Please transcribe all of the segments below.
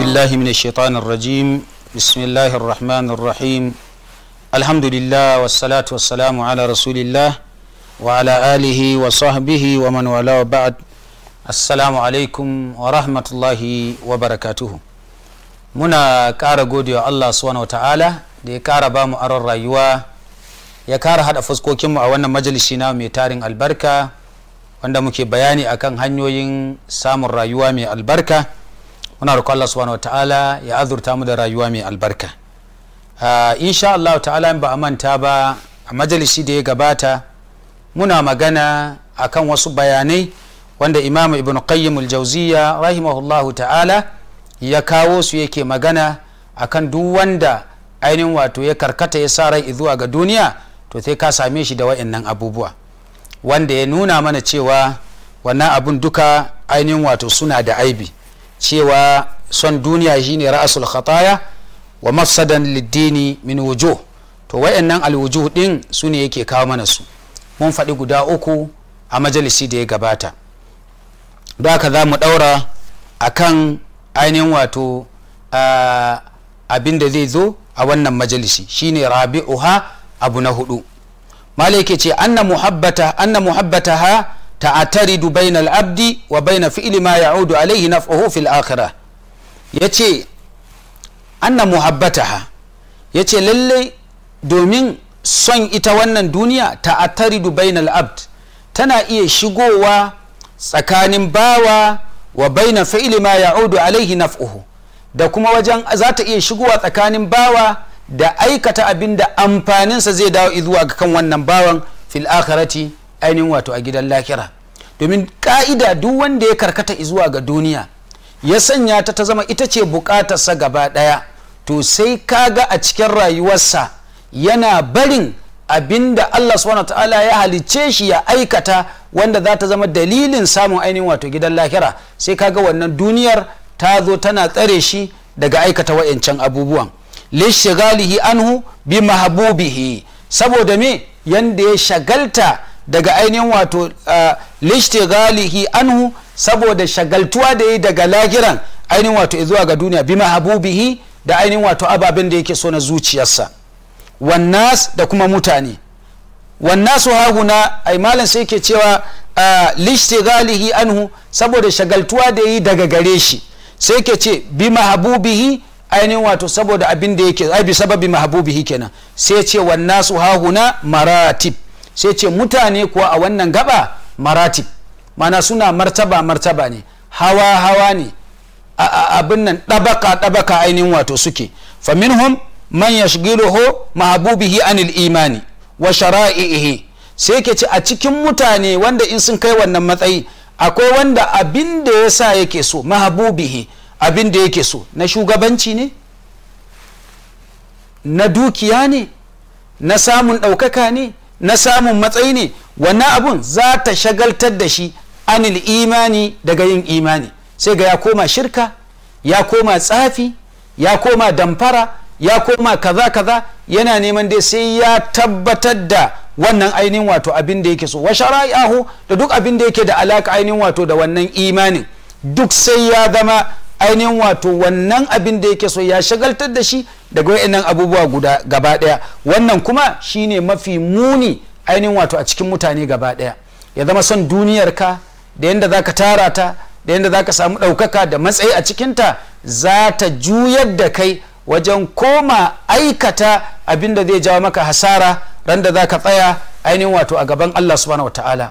بالله من الشيطان الرجيم بسم الله الرحمن الرحيم الحمد لله والصلاة والسلام على رسول الله وعلى آله وصحبه ومن والاه بعد السلام عليكم ورحمة الله وبركاته muna ƙara godewa Allah subhanahu ta'ala da ya kara ba mu aron rayuwa ya kara haɗa faskokinmu a wannan majalisi na mai tarin albarka wanda muke bayani akan hanyoyin samun rayuwa mai albarka muna roƙon Allah subhanahu wataala ya azurta mu da rayuwa mai albarka ah, insha Allah ta'ala ba a manta ba a majalisi da ya gabata muna magana akan wasu bayanai wanda imam ibn qayyim al-jawziya rahimahullahu ta'ala ya kawo su yake magana akan duk wanda ainihin wato ya karkata ya sa rai zuwa ga duniya to sai ka same shi da wa'annan abubuwa wanda ya nuna mana cewa wannan abun duka ainihin wato suna da aibi cewa son duniya shine ra'asul khataya wa mafsadan liddini min wujuh to wayannan alwujuh din su ne yake kawo mana su mun faɗi guda uku a majalisi da ya gabata don haka za mu ɗaura a kan ainihin wato abin da zai zo a wannan majalisi shine rabi'uha abu na hudu malai ke ce anna muhabbata anna muhabbata ha ta'ataridu bainal abdi wa baina fi'li ma ya'udu alayhi naf'uhu fil akhirah yace anna muhabbataha yace lalle domin son ita wannan duniya ta'ataridu bainal abd tana iya shigowa tsakanin bawa wa baina fi'li ma ya'udu alayhi naf'uhu da kuma wajen za ta iya shigowa tsakanin bawa da aikata abinda da amfaninsa zai dawo zuwa ga kan wannan bawan fil akhirati ainihin wato a gidan lahira domin ka'ida duk wanda ya karkata zuwa ga duniya ya sanya ta ta zama ita ce bukatarsa gaba daya to sai kaga a cikin rayuwarsa yana barin abinda Allah subhanahu ta'ala ya halicce shi ya aikata wanda za ta zama dalilin samun ainihin wato gidan lahira sai kaga wannan duniyar ta zo tana tsare shi daga aikata wa'yancan abubuwan lishigalihi anhu bi mahabubihi saboda me yanda ya shagalta daga ainihin wato lishtighalihi anhu saboda shagaltuwa da yi daga lagiran ainihin wato zuwa ga duniya bima habubihi da ainihin wato ababen da yake so na zuciyarsa wannas da kuma mutane wannasu hahuna ai malam sai ke cewa lishtighalihi anhu saboda shagaltuwa da yi daga gare shi sai ke ce bima habubihi ainihin wato saboda abin da yake ai bi sababi mahabubihi kenan sai ce wannasu hahuna maratib sai ce mutane kuwa a wannan gaba maratib mana suna martaba martaba ne hawa hawa ne abin nan ɗabaka ɗabaka ainihin wato suke faminhum man roho mahabubihi anil imani wa shara'ihi sai ke ci a cikin mutane wanda in sun kai wannan matsayi akwai wanda abin da ya sa yake so mahabubihi abin da yake so na shugabanci ne na dukiya ne na samun ɗaukaka ne na samun matsayi ne wannan abun za ta shagaltar da shi anil imani daga yin imani sai ga ya koma shirka ya koma tsafi ya koma damfara ya koma kaza kaza yana neman dai sai ya tabbatar da wannan ainihin wato abin da yake so wa shara'i'ahu da duk abin da yake da alaka ainihin wato da wannan imanin duk sai ya zama ainihin wato wannan abin da yake so ya shagaltar da shi daga wayannan abubuwa guda gaba daya wannan kuma shine mafi muni ainihin wato a cikin mutane gaba daya ya zama son duniyarka da yadda zaka tara ta da yadda zaka samu ɗaukaka da matsayi a cikinta za ta juyar da kai wajen koma aikata abin da zai jawo maka hasara ran da zaka tsaya ainihin wato a gaban Allah subhanahu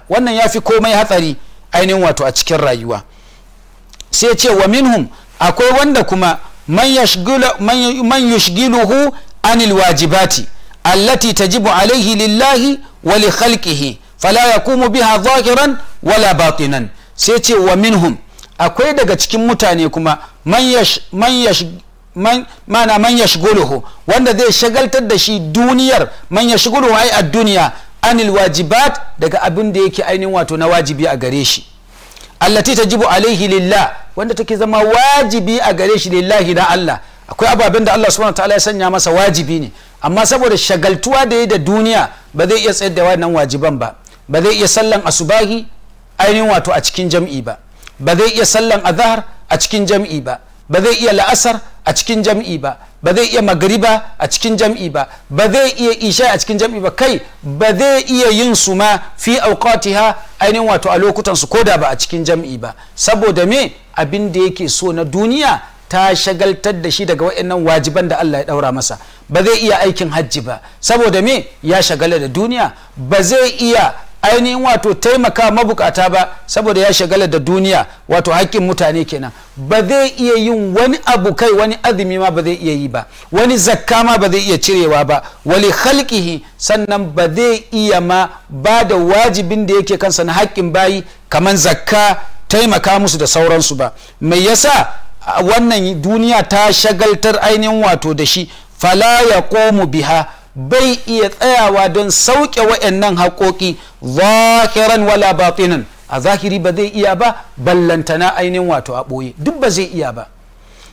wannan ya fi komai hatsari ainihin wato a cikin rayuwa sai ce wa minhum akwai wanda kuma man yushgiluhu anil wajibati allati tajibu alaihi lillahi wa li khalqihi fala yakumu biha zahiran wala batinan sai ce wa minhum akwai daga cikin mutane kuma mana man yashguluhu wanda zai shagaltar da shi duniyar man yashguluhu ai ad-duniya anil wajibat daga abin da yake ainihin wato na wajibi a gare shi allati tajibu alaihi lillah wanda take zama wajibi a gare shi lillahi na Allah akwai ababen da Allah subhanahu ta'ala ya sanya masa wajibi ne amma saboda shagaltuwa da yi da duniya ba zai iya tsayar da wannan wajiban ba ba zai iya sallan asubahi ainihin wato a cikin jam'i ba ba zai iya sallan azhar a cikin jam'i ba ba zai iya la'asar a cikin jam'i ba ba zai iya magari ba a cikin jam'i ba ba zai iya isha a cikin jam'i ba kai ba zai iya yin su ma fi auqatiha ainihin wato a lokutan su da ba a cikin jam'i ba saboda me abin da yake so na duniya ta shagaltar da shi daga waɗannan wajiban da Allah ya ɗaura masa ba zai iya aikin hajji ba saboda me ya shagala da duniya ba zai iya ainihin wato taimaka mabukata ba saboda ya shagala da duniya wato hakkin mutane kenan ba zai iya yin wani abu kai wani azumi ma ba zai iya yi ba wani zakka ma ba zai iya cirewa ba wali halkihi sannan ba zai iya ma ba da wajibin da yake kansa na hakkin bayi kamar zakka taimaka musu da sauransu ba mai yasa wannan duniya ta shagaltar ainihin wato da shi fala ya komu biha bai iya tsayawa don sauke wa'annan haƙoƙi zahiran wala batinan a zahiri ba zai iya ba ballantana ainihin wato a ɓoye duk ba zai iya ba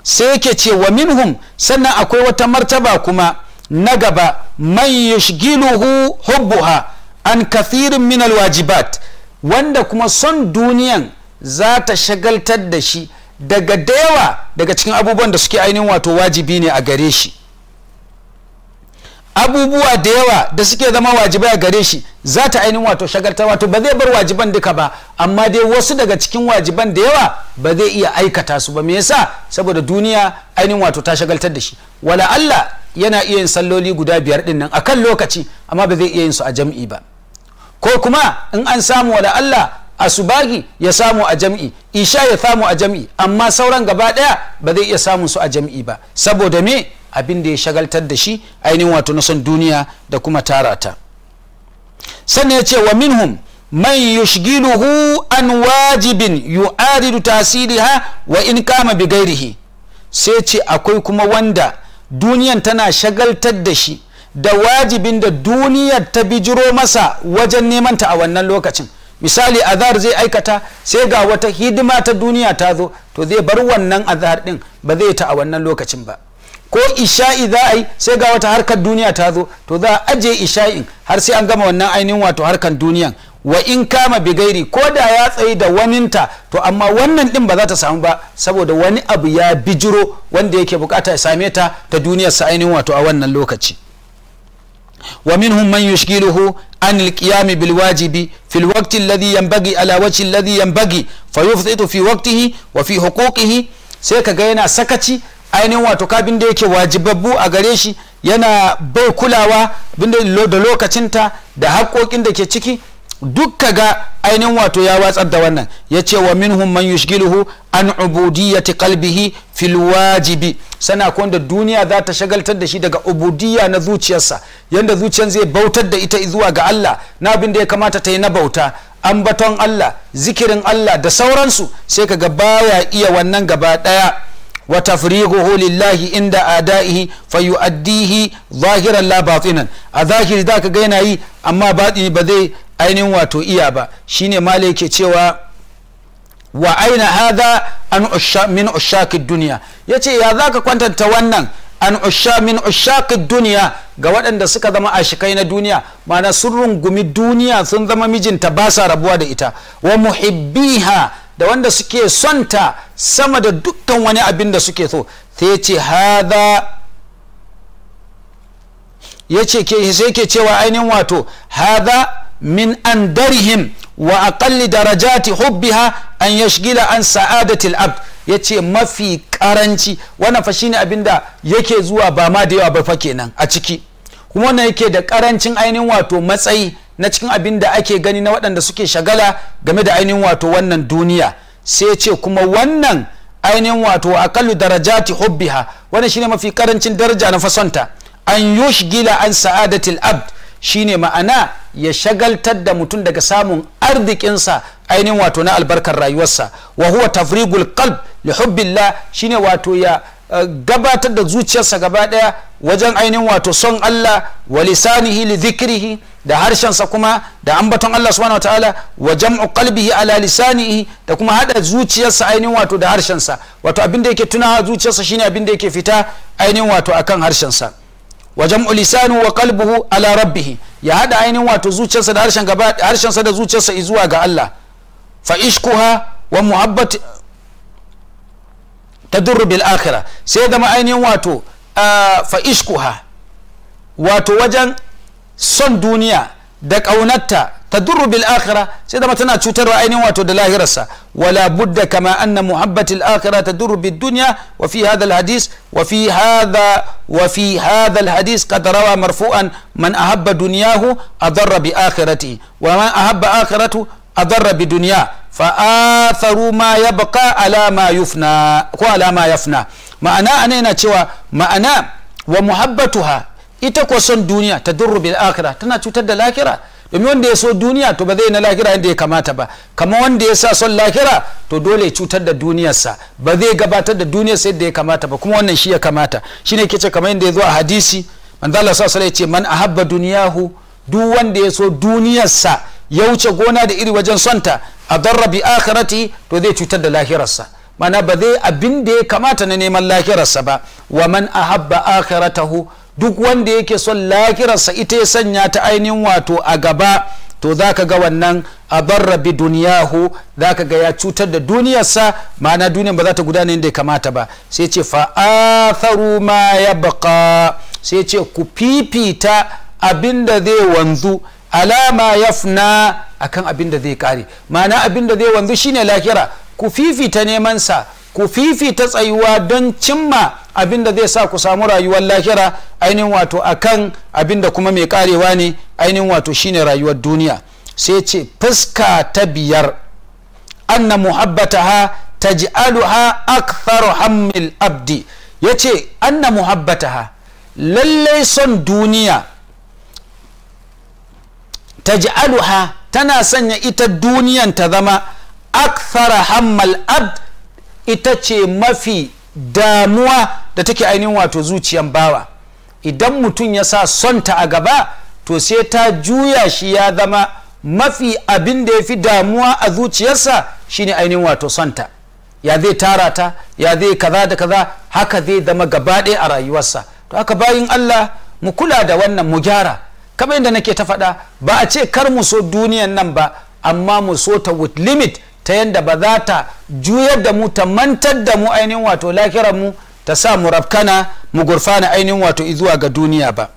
sai yake ce wa minhum sannan akwai wata martaba kuma na gaba man yushgiluhu hubbuha an kathirin min wajibat wanda kuma son duniyan za ta shagaltar da shi daga da yawa daga cikin abubuwan da suke ainihin wato wajibi ne a gare shi abubuwa da yawa da suke zama wajibai a gare shi za ta ainihin wato shagarta wato ba zai bar wajiban duka ba amma dai wasu daga cikin wajiban da yawa ba zai iya aikata su ba me yasa saboda duniya ainihin wato ta shagaltar da shi wala Allah yana iya yin salloli guda biyar din nan akan lokaci amma ba zai iya yin su a jam'i ba ko kuma in an samu wala Allah asubahi ya samu a jam'i isha ya samu a jam'i amma sauran gaba daya ba zai iya samun su a jam'i ba saboda me abin da ya shagaltar da shi ainihin wato na son duniya da kuma tarata. ta sannan ya ce wa minhum man yushgiluhu an wajibin yu'aridu tasiriha wa in kama bi sai ce akwai kuma wanda duniyan tana shagaltar da shi da wajibin da duniyar ta bijiro masa wajen neman ta a wannan lokacin misali azhar zai aikata sai ga wata hidima ta duniya ta zo to zai bar wannan azhar din ba zai ta a wannan lokacin ba ko isha'i za a yi sai ga wata harkar duniya ta zo to za a ajiye isha'in har sai an gama wannan ainihin wato harkar duniyan wa in kama bigairi ko da ya tsaye da waninta to amma wannan din ba za ta samu ba saboda wani abu ya bijiro wanda yake bukata ya same ta ta duniyar sa ainihin wato a wannan lokaci wa minhum man yushkiluhu an alqiyam bil wajibi fi alwaqt alladhi yanbaghi ala wajhi alladhi yanbaghi yufsitu fi waqtihi wa fi huquqihi sai kaga yana sakaci ainihin wato kabin da yake wajibabbu a gare shi yana bai kulawa da lokacinta da haƙoƙin da ke ciki Dukka ga ainihin wato ya watsar da wannan ya ce wa minhum man yushgiluhu an ubudiyyati qalbihi fil wajibi sana ko da duniya za ta shagaltar da shi daga ubudiyya na zuciyarsa yadda zuciyar zai bautar da ita zuwa ga Allah na abin da ya kamata ta yi na bauta an baton Allah zikirin Allah da sauransu sai kaga baya iya wannan gaba daya wa tafriquhu lillahi inda adaihi fa yu'addihi zahiran la batinan a zahiri za ka ga yana yi amma batini ba zai ainihin wato iya ba shine malai ke cewa wa aina hadha an min ushaki duniya yace ya zaka kwantanta wannan an usha ushaki duniya ga waɗanda suka zama ashikai na duniya mana sun rungumi duniya sun zama mijinta ba sa rabuwa da ita wa muhibbiha da wanda suke sonta sama da dukkan wani abin da suke so sai ce haza ya ce sai ke cewa ainihin wato hada min an darihim wa aqalli darajati hubbiha an yashgila an sa'adatil abd ya ce mafi karanci wannan fa shine abin da yake zuwa ba ma da yawa ba fa kenan a ciki kuma wannan yake da karancin ainihin wato matsayi na cikin abin da ake gani na waɗanda suke shagala game da ainihin wato wannan duniya sai ce kuma wannan ainihin wato a akallu darajati hubbiha wannan shine mafi karancin daraja na fasonta an gila an sa'adatil abd shine ma'ana ya shagaltar da mutum daga samun arzikinsa ainihin wato na albarkar rayuwarsa wa huwa tafrigul qalb li hubbillah shine wato ya eh, gabatar da zuciyarsa gaba daya wajen ainihin wato son Allah wa lisanihi li zikirihi. da harshensa kuma da ambaton Allah subhanahu wataala wa jam'u qalbihi ala lisanihi da kuma hada zuciyarsa ainihin wato da harshensa wato abin da yake tunawa zuciyarsa shine abin da yake fita ainihin wato akan harshensa wa jam'u lisanu wa qalbuhu ala rabbih ya hada ainihin wato zuciyarsa da harshen gaba harshensa da zuciyarsa izuwa ga Allah fa ishkuha wa muhabbat tadur bil akhirah sai da ma ainihin wato ah, fa ishkuha wato wajen son duniya da ƙaunarta ta durru bil akhira sai da tana cutarwa ainihin wato da lahirarsa wala budda kama anna muhabbati al akhira ta durru bid dunya wa fi hadha al hadis wa fi hadha wa fi hadha al hadis qad rawa marfu'an man ahabba dunyahu adarra bi akhirati wa man ahabba akhiratu adarra bi dunya fa atharu ma yabqa ala ma yufna ko ala ma yafna ma'ana ana yana cewa ma'ana wa muhabbatuha ita ko son duniya ta durru bil akhirah tana cutar da lakira domin wanda ya so duniya to ba zai na lahira yadda ya kamata ba kamar wanda ya sa son lakira to dole cutar da duniyarsa ba zai gabatar da duniyarsa yadda ya kamata ba kuma wannan shi ya kamata shine ke ce kamar yadda ya zo a hadisi manzo Allah sallallahu alaihi ce man ahabba duniyahu duk wanda ya so duniyarsa ya wuce gona da iri wajen sonta a darra bi akhirati to zai cutar da lahirarsa mana ba zai abin da ya kamata na neman lahirarsa ba wa man ahabba akhiratahu duk wanda yake son lakirarsa ita ya sanya ta ainihin wato a gaba to za ka ga wannan a duniya duniyahu za ka ga ya cutar da duniyarsa ma'ana duniyar ba za ta gudana yadda ya kamata ba sai ce fa'atharu ma ya baka sai ce ku fifita abin da zai wanzu alama ya fina akan abin da zai kare ma'ana abin da zai wanzu shine lahira ku fifita nemansa ku fifita tsayuwa don cimma abin da zai sa ku samu rayuwar lahira ainihin wato akan abin da kuma mai karewa ne ainihin wato shine rayuwar duniya sai ce fuska ta biyar anna muhabbataha taj'aluha aktharu hammil abdi yace anna muhabbataha lallai son duniya taj'aluha tana sanya ita duniyan ta zama akthara hammal abd ita ce mafi damuwa da take ainihin wato zuciyan bawa idan mutum ya sa sonta a gaba to sai ta juya shi ya zama mafi abin da ya fi damuwa a zuciyarsa shine ainihin wato sonta ya zai tara ta ya zai kaza da kaza haka zai zama gaba ɗaya a rayuwarsa to haka bayin Allah mu kula da wannan mu gyara kamar yadda nake ta faɗa ba a ce kar mu so duniyan nan ba amma mu so ta with limit ta yadda ba za ta juyar da mu ta mantar da mu ainihin wato mu ta sa mu rafkana mu gurfana ainihin wato zuwa ga duniya ba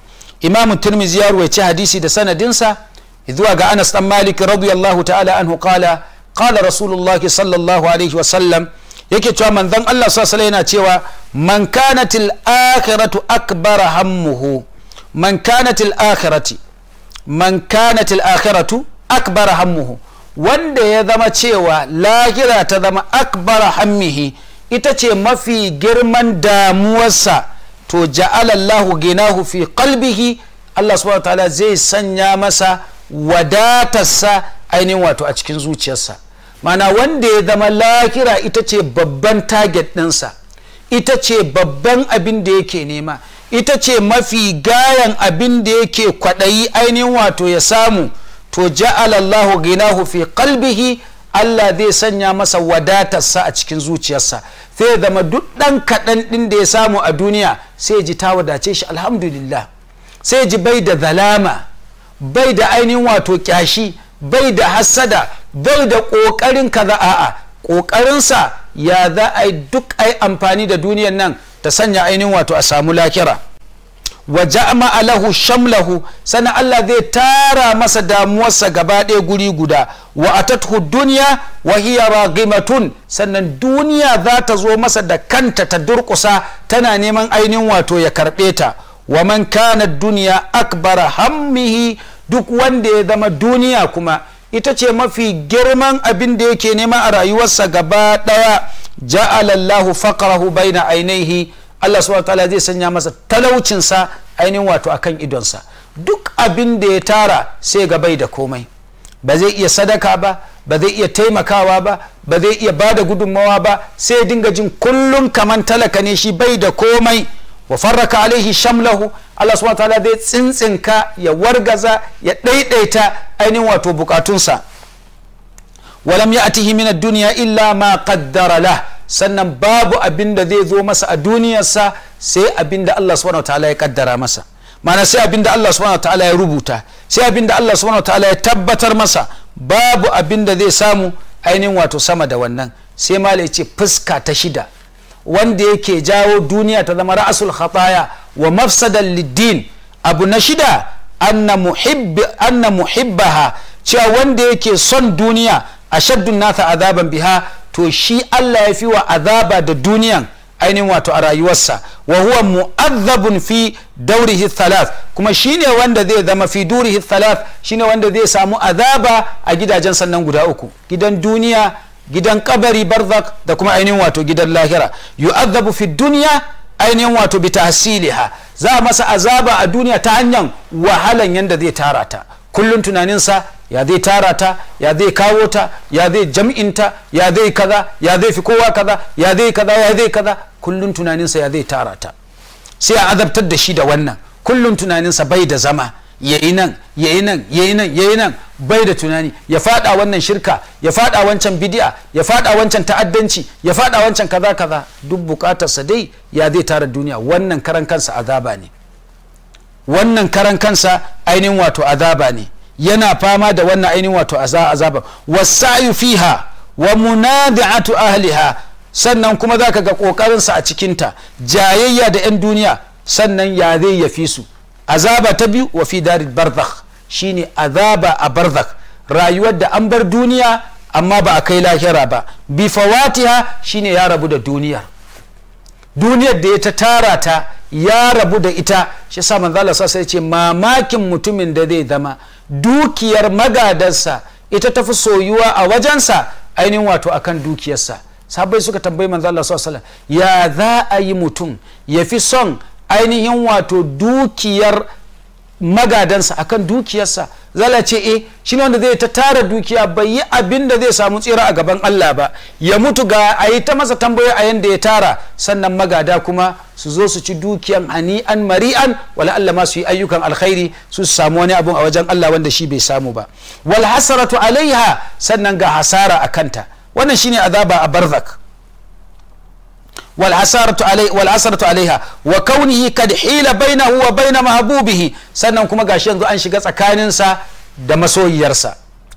imamu tirmizi ya ruwaice hadisi da sanadinsa zuwa ga anas dan malik radiyallahu ta'ala anhu qala qala rasulullahi sallallahu alaihi wa sallam yake cewa manzon Allah sallallahu yana cewa man kanatil akhiratu akbar hammuhu man kanatil akhirati man kanatil akhiratu akbar hammuhu wanda ya zama cewa lahira ta zama akbar hammihi ita ce mafi girman damuwarsa to ja'alallahu ginahu fi kalbihi Allah subhanahu ta'ala zai sanya masa wadatarsa ainihin wato a cikin zuciyarsa mana wanda ya zama lahira ita ce babban target ɗinsa ita ce babban abin da yake nema ita ce mafi gayan abin da yake kwaɗayi ainihin wato ya samu to ja'ala Allahu ginahu fi qalbihi Allah zai sanya masa wadatarsa a cikin zuciyarsa sai zama duk ɗan kaɗan ɗin da ya samu a duniya sai ji ta wadace shi alhamdulillah sai ji bai da zalama bai da ainihin wato kyashi bai da hassada bai da ƙoƙarin kaza a'a ƙoƙarinsa ya za a yi duk ai amfani da duniyar nan ta sanya ainihin wato a samu lakira wa ja'ama alahu shamlahu sannan Allah zai tara masa damuwarsa gaba ɗaya guri guda wa atathu dunya wa hiya raghimatun sannan duniya za ta zo masa da kanta ta durƙusa tana neman ainihin wato ya karɓe ta wa man kana dunya akbar hammihi duk wanda ya zama duniya kuma ita ce mafi girman abin da yake nema a rayuwarsa gaba ɗaya ja'alallahu faqrahu baina ainihi Allah subhanahu ta'ala zai sanya masa talaucin sa ainihin wato akan idonsa duk abin da ya tara sai ga bai da komai ba zai iya sadaka ba ba zai iya taimakawa ba ba zai iya ba da gudunmawa ba sai dinga jin kullum kaman talaka ne shi bai da komai wa farraka alaihi shamlahu Allah subhanahu ta'ala zai tsintsinka ya wargaza ya daidaita ainihin wato bukatunsa walam ya'tihi min ad-dunya illa ma qaddara lah sannan babu abin da zai zo masa a duniyarsa sai abin da Allah subhanahu ta'ala ya kaddara masa mana sai abin da Allah subhanahu ta'ala ya rubuta sai abin da Allah subhanahu ta'ala ya tabbatar masa babu abin da zai samu ainihin wato sama da wannan sai mala ce fuska ta shida wanda yake jawo duniya ta zama ra'asul khataya wa mafsadan liddin abu na shida anna muhibbaha cewa wanda yake son duniya ashaddun nasa azaban biha to shi Allah ya fi wa azaba da duniyan ainihin wato a rayuwarsa wa huwa mu'azzabun fi daurihi thalath kuma shine wanda zai zama fi durihi thalath shine wanda zai samu azaba a gidajen sannan guda uku gidan duniya gidan kabari barzak da kuma ainihin wato gidan lahira yu'azzabu fi duniya ainihin wato bi tahsiliha za masa azaba a duniya ta hanyar wahalan yanda zai tara ta kullun tunaninsa ya zai tara ta ya zai kawo ta ya zai jam'inta ya zai kaza ya zai fi kowa kaza ya zai kaza ya zai kaza kullum tunaninsa ya zai tara ta sai a azabtar da shi da wannan kullum tunaninsa bai da zama ya yi nan ya yi nan ya yi nan ya nan bai da tunani ya fada wannan shirka ya fada wancan bidi'a ya fada wancan ta'addanci ya fada wancan kaza kaza duk bukatarsa dai ya zai tara duniya wannan karan kansa azaba ne wannan karan kansa ainihin wato azaba ne yana fama da wannan ainihin wato azaba wasayu fiha wa munadi'atu ahliha sannan kuma za ka ga ƙoƙarinsa a cikinta jayayya da 'yan duniya sannan ya zai ya fi su azaba ta biyu wa fi dari barzakh shine azaba a barzakh rayuwar da an bar duniya amma ba a kai lahira ba bifawatiha ne ya rabu da duniyar. duniyar da ya ta tara ta ya rabu da ita shi sa manzala sa sai ce mamakin mutumin da zai zama dukiyar magadansa ita tafi soyuwa a wajensa ainihin wato akan dukiyarsa sabai suka tambayi manzala sa ya za a yi mutum ya fi son ainihin wato dukiyar magadansa akan dukiyarsa zala ce e eh, shi ne wanda zai ta tara dukiya bai yi abin da zai samu tsira a gaban Allah ba ya mutu ga a yi ta masa tambayoyi a yanda ya tara sannan magada kuma su zo su ci dukiyan hani'an mari'an wala Allah ma su yi ayyukan alkhairi su samu wani abun a wajen Allah wanda shi bai samu ba wal hasaratu alaiha sannan ga hasara a kanta wannan shine azaba a barzak wal alaiha wa kaunihi kad hila baina huwa baina mahabubihi sannan kuma gashi yanzu an shiga tsakaninsa da masoyiyarsa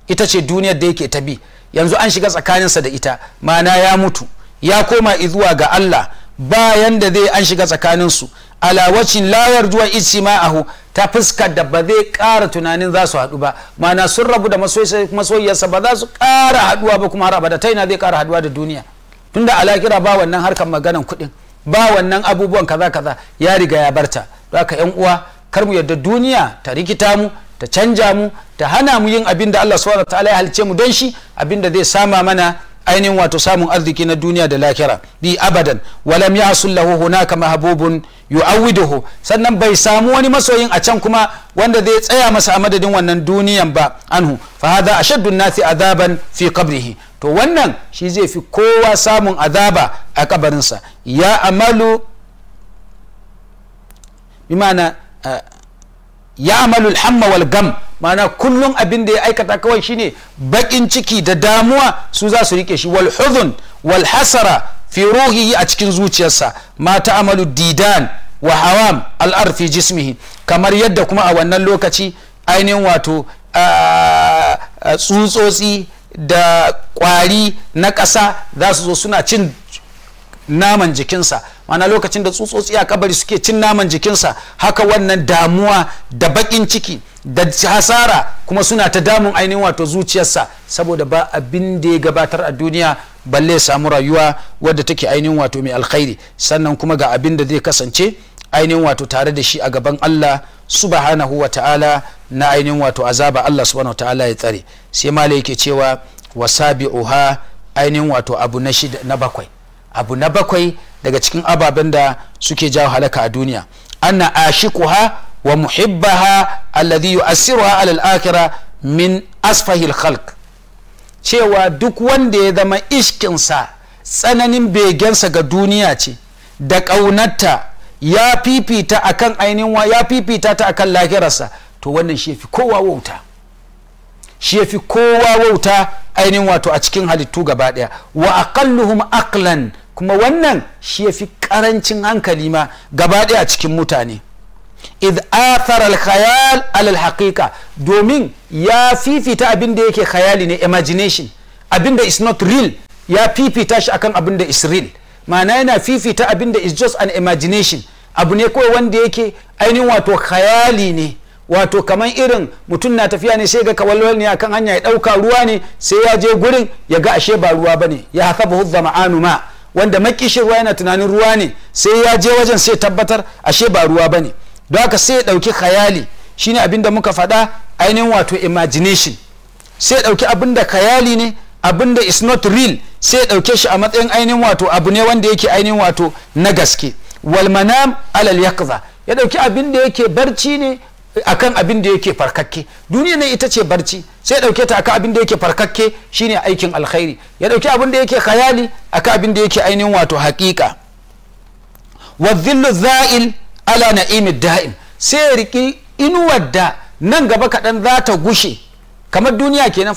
ita ce duniyar da yake ta bi yanzu an shiga tsakaninsa da ita mana ya mutu ya koma izuwa ga Allah bayan da zai an shiga tsakaninsu ala wacin layar juwa ici ma'ahu ta fuskar da ba zai ƙara tunanin za su haɗu ba mana sun rabu da masoyiyarsa ba za su ƙara haɗuwa ba kuma har abada ta ina zai kara haɗuwa da duniya tunda alakira ba wannan harkar maganan kuɗin ba wannan abubuwan kaza kaza ya riga ya barta don haka yan uwa kar mu yadda duniya ta rikita mu ta canja mu ta hana mu yin abin da Allah subhanahu ta'ala ya halice mu don shi abin da zai sama mana ainihin wato samun arziki na duniya da lahira bi abadan walam ya lahu hunaka mahbubun yu'awwiduhu sannan bai samu wani masoyin a can kuma wanda zai tsaya masa a madadin wannan duniyan ba anhu fa hadha ashaddu nasi adaban fi qabrihi to wannan shi zai fi kowa samun azaba a kabarinsa ya amalu bimana eh, ya amalu alhamma wal gam mana kullum abin da ya aikata kawai shine bakin ciki da damuwa su za su rike shi wal huzun wal hasara fi ruhihi a cikin zuciyarsa ma ta amalu didan wa hawam al'ar fi jismihi kamar yadda kuma a wannan lokaci ainihin wato ah, ah, tsutsotsi da kwari na ƙasa za su zo suna cin naman jikinsa mana lokacin da tsutsotsi a kabari suke cin naman jikinsa haka wannan damuwa da baƙin ciki da hasara kuma suna ta damun ainihin wato zuciyarsa saboda ba abin da ya gabatar a duniya balle samu rayuwa wadda take ainihin wato mai alkhairi sannan kuma ga abin da zai kasance ainihin wato tare da shi a gaban Allah subhanahu wa ta'ala na ainihin wato azaba Allah subhanahu wa ta'ala ya tsare sai malai yake cewa wasabi'uha ainihin wato abu na shida na bakwai abu na bakwai daga cikin ababen da suke jawo halaka a duniya anna ashiquha wa muhibbaha alladhi yu'assiruha ala al-akhirah min asfahil khalq cewa duk wanda ya zama ishkinsa tsananin begensa ga duniya ce da ƙaunarta ya fifita akan ainihin ya fifita ta akan lahirarsa to wannan shi kowa wauta shi fi kowa wauta ainihin wato a cikin halittu gaba daya wa aqalluhum aqlan kuma wannan shi ya fi ƙarancin hankali ma gaba daya a cikin mutane id athara al-khayal alal haqiqa domin ya fifita abin da yake khayali ne imagination abin da is not real ya fifita shi akan abin da is real ma'ana yana fifita abin da is just an imagination abu ne kawai wanda yake ainihin wato khayali ne wato kamar irin mutum na tafiya ne sai ga kawalwal ne akan hanya ya ɗauka ruwa ne sai ya je gurin ya ga ashe ba ruwa bane ya haka ba ma wanda makishin ruwa yana tunanin ruwa ne sai ya je wajen sai tabbatar ashe ba ruwa bane don haka sai ya ɗauki khayali shine da muka faɗa ainihin wato imagination sai ya ɗauki abin da khayali ne abin da is not real sai ya ɗauke shi a matsayin ainihin wato abu ne wanda yake ainihin wato na gaske wal manam alal yaqza ya ɗauki abin da yake barci ne akan abin da yake farkakke duniya ne ita ce barci sai ya ɗauke ta akan abin da yake farkakke shine aikin alkhairi ya ɗauki abin da yake khayali akan abin da yake ainihin wato haƙiƙa wa dhillu za'il ala imid da'im sai ya riki inuwar da nan gaba kaɗan za ta gushe kamar duniya kenan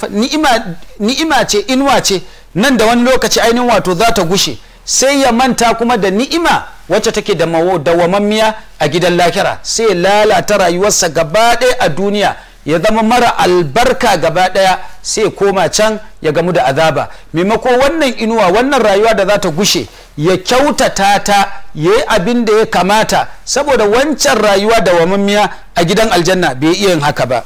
ni'ima ce inuwa ce nan da wani lokaci ainihin wato za ta gushe sai ya manta kuma da ni'ima wacce take da dawamammiya a gidan lakira sai lalata rayuwarsa gaba ɗaya a duniya ya zama mara albarka gaba ɗaya sai koma can ya gamu da azaba maimako wannan inuwa wannan rayuwa da za ta gushe ya kyautata ta ya yi abin da ya kamata saboda wancan rayuwa da wamammiya a gidan aljanna bai iya yin haka ba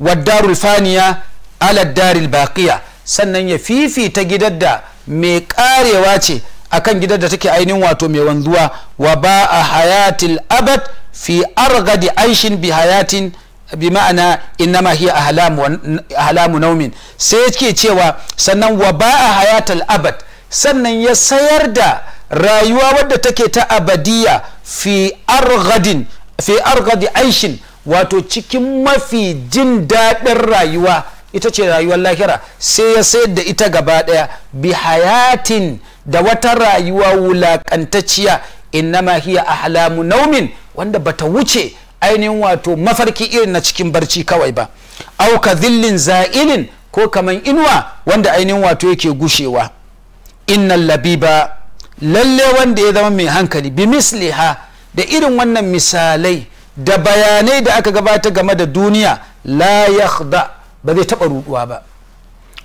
waddarul faniya aladdaril baqiya sannan ya fifita gidan da mai karewa ce akan gidan da take ainihin wato mai wanzuwa wa ba a hayatil abad fi argadi aishin bi hayatin bi ma'ana innama hiya ahlamu naumin sai yake cewa sannan wa ba'a hayatal abad sannan ya sayar da rayuwa wadda take ta abadiya fi arghadin fi arghadi aishin wato cikin mafi jin daɗin rayuwa ita ce rayuwar lahira sai ya sayar da ita gaba daya bi hayatin da wata rayuwa wulaƙantacciya innama hiya ahlamu naumin wanda bata wuce ainihin wato mafarki irin na cikin barci kawai ba auka zillin za'ilin ko kaman inuwa wanda ainihin wato yake gushewa innan labiba lalle wanda ya zama mai hankali bi misliha da irin wannan misalai da bayanai da aka gabata game da duniya la yakhda ba zai taba ruduwa ba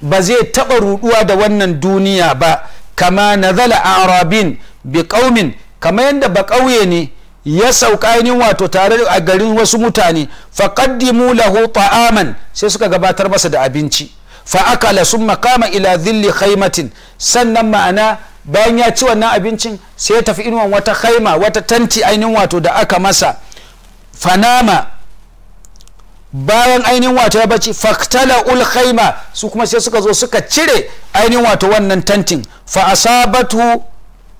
ba zai taba ruduwa da wannan duniya ba kama nazala arabin bi ƙaumin kamar yadda ba ƙauye ne ya sauka ainihin wato tare a garin wasu mutane faqaddimu lahu ta'aman sai suka gabatar masa da abinci fa akala summa kama ila dhilli khaymatin sannan ma'ana bayan ya ci wannan abincin sai ya tafi inuwan wata haima wata tanti ainihin wato da aka masa fanama bayan ainihin wato ya baci faktala ul haima su kuma sai suka zo suka cire ainihin wato wannan tantin fa asabatu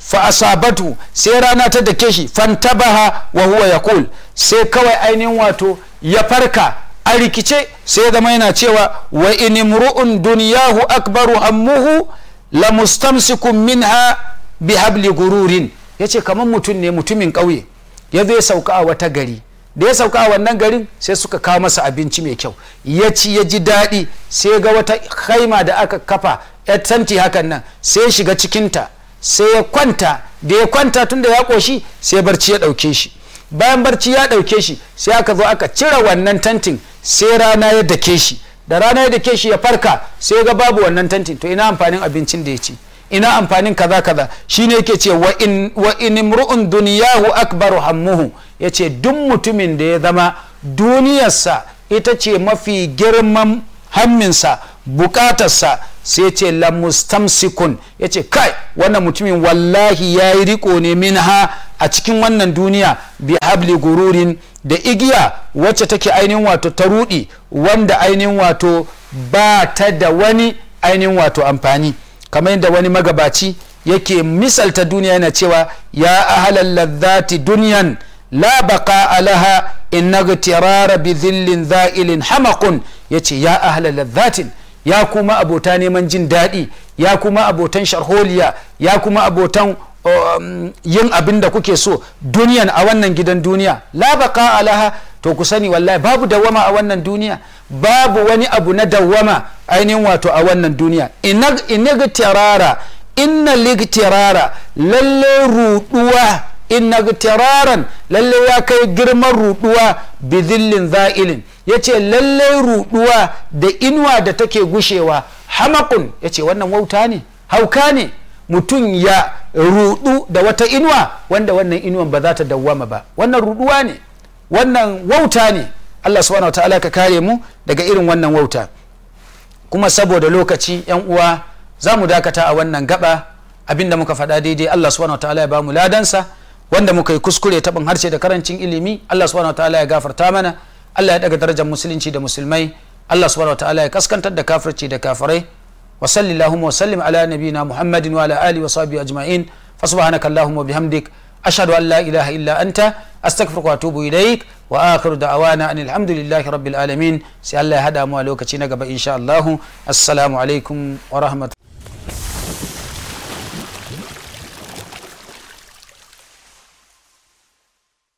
fa asabatu sai rana ta dake shi fantabaha wa huwa yaqul sai kawai ainihin wato ya farka a rikice sai zama yana cewa wa in imru'un dunyahu akbaru hammuhu la mustamsikun minha bi habli gururin yace kaman mutum ne mutumin ƙauye ya zai sauka a wata gari da ya sauka a wannan garin sai suka kawo masa abinci mai kyau ya ci ya ji daɗi sai ga wata haima da aka kafa 'yar tanti hakan nan sai shiga cikinta sai ya kwanta da ya kwanta tunda ya koshi sai barci ya ɗauke shi bayan barci ya ɗauke shi sai aka zo aka cire wannan tantin sai rana ya dake shi da rana ya dake shi ya farka sai ga babu wannan tantin to ina amfanin abincin da ya ci ina amfanin kaza kaza shine yake ce wa in wa in imru'un duniyahu akbaru hammuhu yace duk mutumin da ya zama duniyarsa ita ce mafi girman hamminsa bukatarsa sai ce lamustamsikun ya ce kai wannan mutumin wallahi ya yi riko ne min ha a cikin wannan duniya bi habli gururin da igiya wacce take ainihin wato ta rudi wanda ainihin wato ba ta da wani ainihin wato amfani kamar yadda wani magabaci yake misalta duniya yana cewa ya ahalar lazzati duniyan la baqa laha ga tirara bi za'ilin hamakun ya yace ya ahalar ladhatin ya kuma abota neman jin daɗi ya kuma abotan sharholiya ya kuma abotan um, yin abin da kuke so duniyan a wannan gidan duniya labaka alaha to ku sani wallahi babu dawama a wannan duniya babu wani abu na dawama ainihin wato a wannan duniya inag inna ligtirara lalle ruduwa inna tiraran lalle ya kai girman ruduwa bizillin za'ilin yace lalle ruduwa da inuwa da take gushewa hamakun yace wannan wauta ne hauka ne mutum ya rudu da wata inuwa wanda wannan inuwan ba za ta dawwama ba wannan ruduwa ne wannan wauta ne Allah subhanahu wa ta'ala ka kare mu daga irin wannan wauta kuma saboda lokaci yan uwa za mu dakata a wannan gaba abinda muka faɗa daidai Allah subhanahu wa ta'ala ya ba mu ladansa wanda muka yi kuskure taɓin harshe da karancin ilimi Allah subhanahu ta'ala ya gafarta mana Allah ya daga darajar musulunci da musulmai Allah subhanahu ta'ala ya kaskantar da kafirci da kafirai wa sallallahu wa sallim ala nabiyina Muhammadin wa ala alihi wa sahbihi ajma'in fa subhanaka allahumma bihamdik ashhadu an la ilaha illa anta astaghfiruka wa atubu ilaik wa akhiru da'awana anil hamdulillahi rabbil alamin sai Allah ya hada mu a lokaci na gaba insha Allah assalamu alaikum wa rahmatullahi